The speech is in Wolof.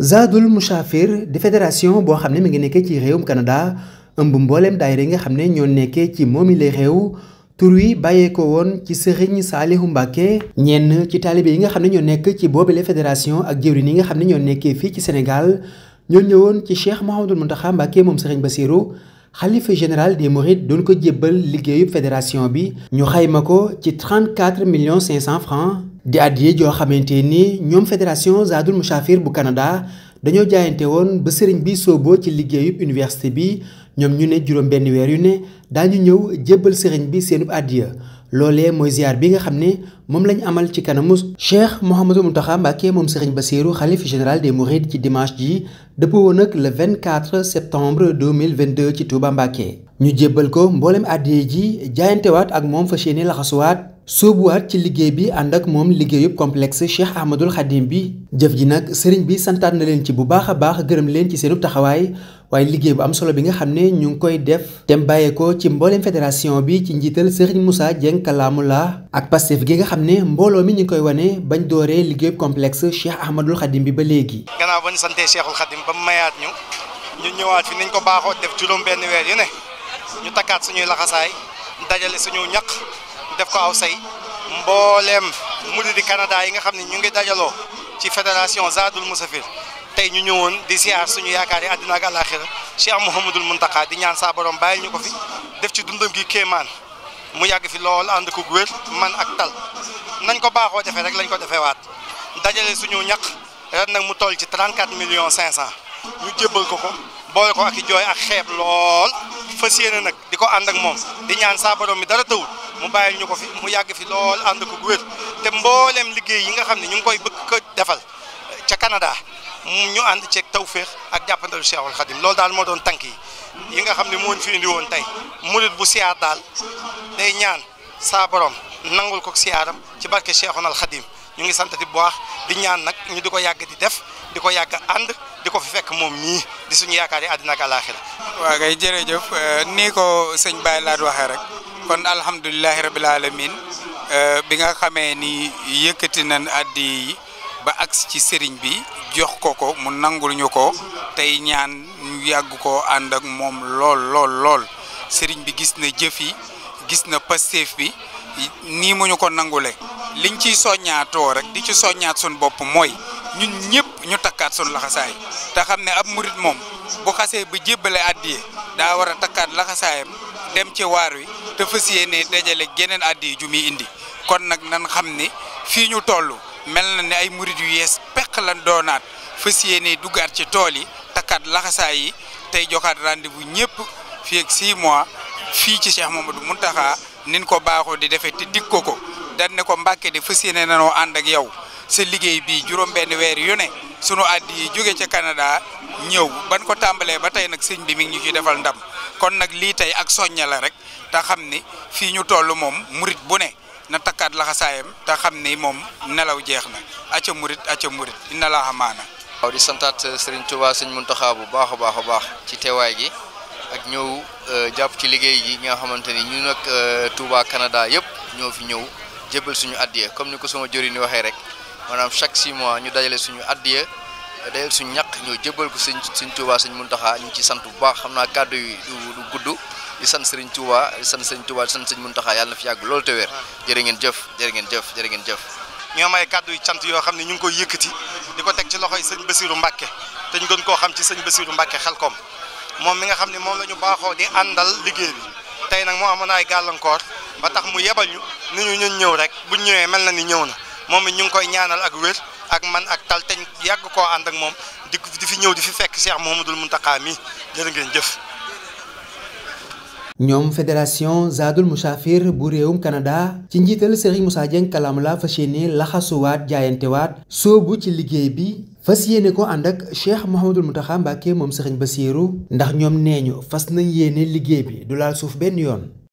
Zaadul Muchafir di fédération boo xam ne mi ngi nekkee ci réewum kanada ëmb mbooleem daayira yi nga xam ne ñoo nekkee ci moom moomile réew tur wi bàyyeekoo woon ci sëriñ Saalihu Mbàkke ñenn ci taalibe yi nga xam ne ñoo nekk ci boobile fédération ak jëwriñ yi nga xam ne ñoo nekkee fii ci Sénégal ñoo ñëwoon ci Cheikh Mouhamadul Mountakha Mbàkke moom sëriñ Bassirou xalifa général des Mourides doon ko jébbal liggéeyu fédération bi ñu xayma ko ci million millions 500 francs di addiye joo xamante ni ñoom fédération Zadul Muchafir bu Canada dañoo jaayante woon ba sëriñ bi sooboo ci liggéeyub université bi ñoom ñu ne juróom benn weer yu ne daañu ñëw jébbal sëriñ bi seenub addiya loolee mooy ziar bi nga xam ne moom lañ amal ci kanamu Cheikh Mouhamadou Mountakha Mbacké moom sëriñ Bassirou xalif général des Mourides ci dimanche ji dëppoo woon ak le 24 septembre 2022 ci Touba Mbacké ñu jébbal ko mboolem addiye ji jaayantewaat ak moom fas yéene laxasuwaat sóobuwaat ci liggéey bi ànd ak moom liggéeyub complexe Cheikh Ahmadul Xadim bi jëf ji nag sëriñ bi santaat na leen ci bu baax a baax gërëm leen ci seenub taxawaay waaye liggéey bu am solo bi nga xam ne ñu ngi koy def tem bàyyee ko ci mbooleem fédération bi ci njiital sëriñ Moussa Dieng la ak Pastef gi nga xam ne mbooloo mi ñu koy wane bañ dooree liggéeyub complexe Cheikh Ahmadul Xadim bi ba léegi. gannaaw ba ñu santee Cheikhul Xadim ba mayaat ñu ñu ñëwaat fi ko baaxoo def juróom benn weer yu ne ñu takkaat suñuy laxasaay def ko aw say mbooleem muridi Canada yi nga xam ne ñu ngi dajaloo ci fédération Zadul Musafir tey ñu ñëwoon di ziar suñu yaakaar yi àddina ak mu Cheikh Mouhamadul Muntaka di ñaan saa borom bàyyil ñu ko fi def ci dundam gi kéemaan mu yàgg fi lool ànd ko wér man ak tal nañ ko baaxoo defee rek lañ ko defee waat dajale suñu ñaq ren nag mu toll ci 34 millions 500 ñu jébbal ko ko boole ko ak i jooy ak xeeb lool. fas yéene nag di ko ànd ak moom di ñaan saabaroom borom mi dara tawul mu bàyyil ñu ko fi mu yàgg fi lool ànd ko gu wér te mbooleem liggéey yi nga xam ne ñu ngi koy bëgg ko defal ca Canada ñu ànd ceeg tawféex ak jàppandalu Cheikhul Khadim loolu daal moo doon tànk yi nga xam ne moo fi indi woon tey murit bu siyaar daal day ñaan saa nangul ko siyaaram ci barke Cheikhul Khadim ñu ngi sant di bu baax di ñaan nag ñu di ko yàgg di def di ko yàgg ànd di ko fi fekk moom mii di suñu yaakaar yi àddina ak àlaaxira waaw kay eh, ni ko sëñ Baye Laat waxee rek kon alhamdulilahi rabil alamin eh, bi nga xamee ni yëkkati nañ addi yi ba agsi ci sëriñ bi jox ko ko mu nangul ñu ko tey ñaan ñu yàgg ko ànd ak moom lool lool lool bi gis na jëf yi gis na pasteef bi nii mu ñu ko nangule liñ ciy soññaatoo rek li ci soññaat suñu bopp mooy ñun ñëpp ñu takkaat sunu laxasaay te xam ne ab murit moom bu xasee ba jébbale addiye daa war a takkaat laxasaayam dem ci waar wi te fas yéene dajale geneen addiye ju mu indi kon nag nan xam ni fii ñu toll mel na ne ay murit yu yees peq lan doonaat fas yéene duggaat ci tool yi takkaat laxasaay yi tey joxaat rendez-vous ñëpp fii ak 6 mois fii ci Cheikh Mamadou Mountakha nin ko baaxoo di defee te dig ko ko dañ ne ko Mbàkke de fas yéene nanoo ànd ak yow sa liggéey bii juróom-benn weer yu ne sunu àddi yi jóge ca Canada ñëw ban ko tàmbalee ba tey nag sëñ bi mi ñu ciy defal ndam kon nag lii tey ak soñña rek te xam ni fii ñu toll moom murit bu ne na takkaat laxasaayam te xam ni moom nelaw jeex na acca murit acca murit dina laa xamaana. waaw di santaat eh, Serigne Touba Serigne Mountakha bu baax a baax a baax ci teewaay gi ak ñëw eh, jàpp ci liggéey gi nga xamante ni ñu nag eh, Touba Canada yëpp ñoo fi ñëw jébbal suñu àddiya comme ni ko sama jëriñ waxee rek. maanaam chaque six mois ñu dajale suñu addiya dajale suñu ñaq ñoo jëbal ko sëñ sëñ Touba sëñ Muntaxa ñu ci sant bu baax xam naa kàddu yi du gudd di sant sëriñ Touba di sant sëñ Touba di sant sëñ Muntaxa yàlla na fi yàgg loolu te wér jërë ngeen jëf jërë ngeen jëf jërë ngeen jëf ñoo may kàddu yi sant yoo xam ne ñu ngi koy yëkkati di ko teg ci yi sëñ Basiru Mbàkke te ñu gën koo xam ci sëñ Basiru Mbàkke Xelkom moom mi nga xam ne moom la ñu baaxoo di àndal liggéey tey nag moo amoon ay gàllankoor ba tax mu yebal ñu ni ñu ñun ñëw rek buñ ñëwee mel na ni ñëw na moom it ñu ngi koy ñaanal ak wér ak man ak tal teñ yàgg koo ànd ak moom di di fi ñëw di fi fekk Cheikh Mouhamadoul Mountakha mi jërë ngeen jëf. ñoom fédération Zadul Musaafir bu réewum kanadaa ci njiital Serigne Moussa Dieng kalam la fas yéene laxasuwaat jaayantewaat soobu ci liggéey bi fas yéene ko ànd ak Cheikh Mouhamadoul Mountakha Mbacké moom Serigne Bassirou ndax ñoom nee ñu fas nañ yéene liggéey bi du laal suuf benn yoon.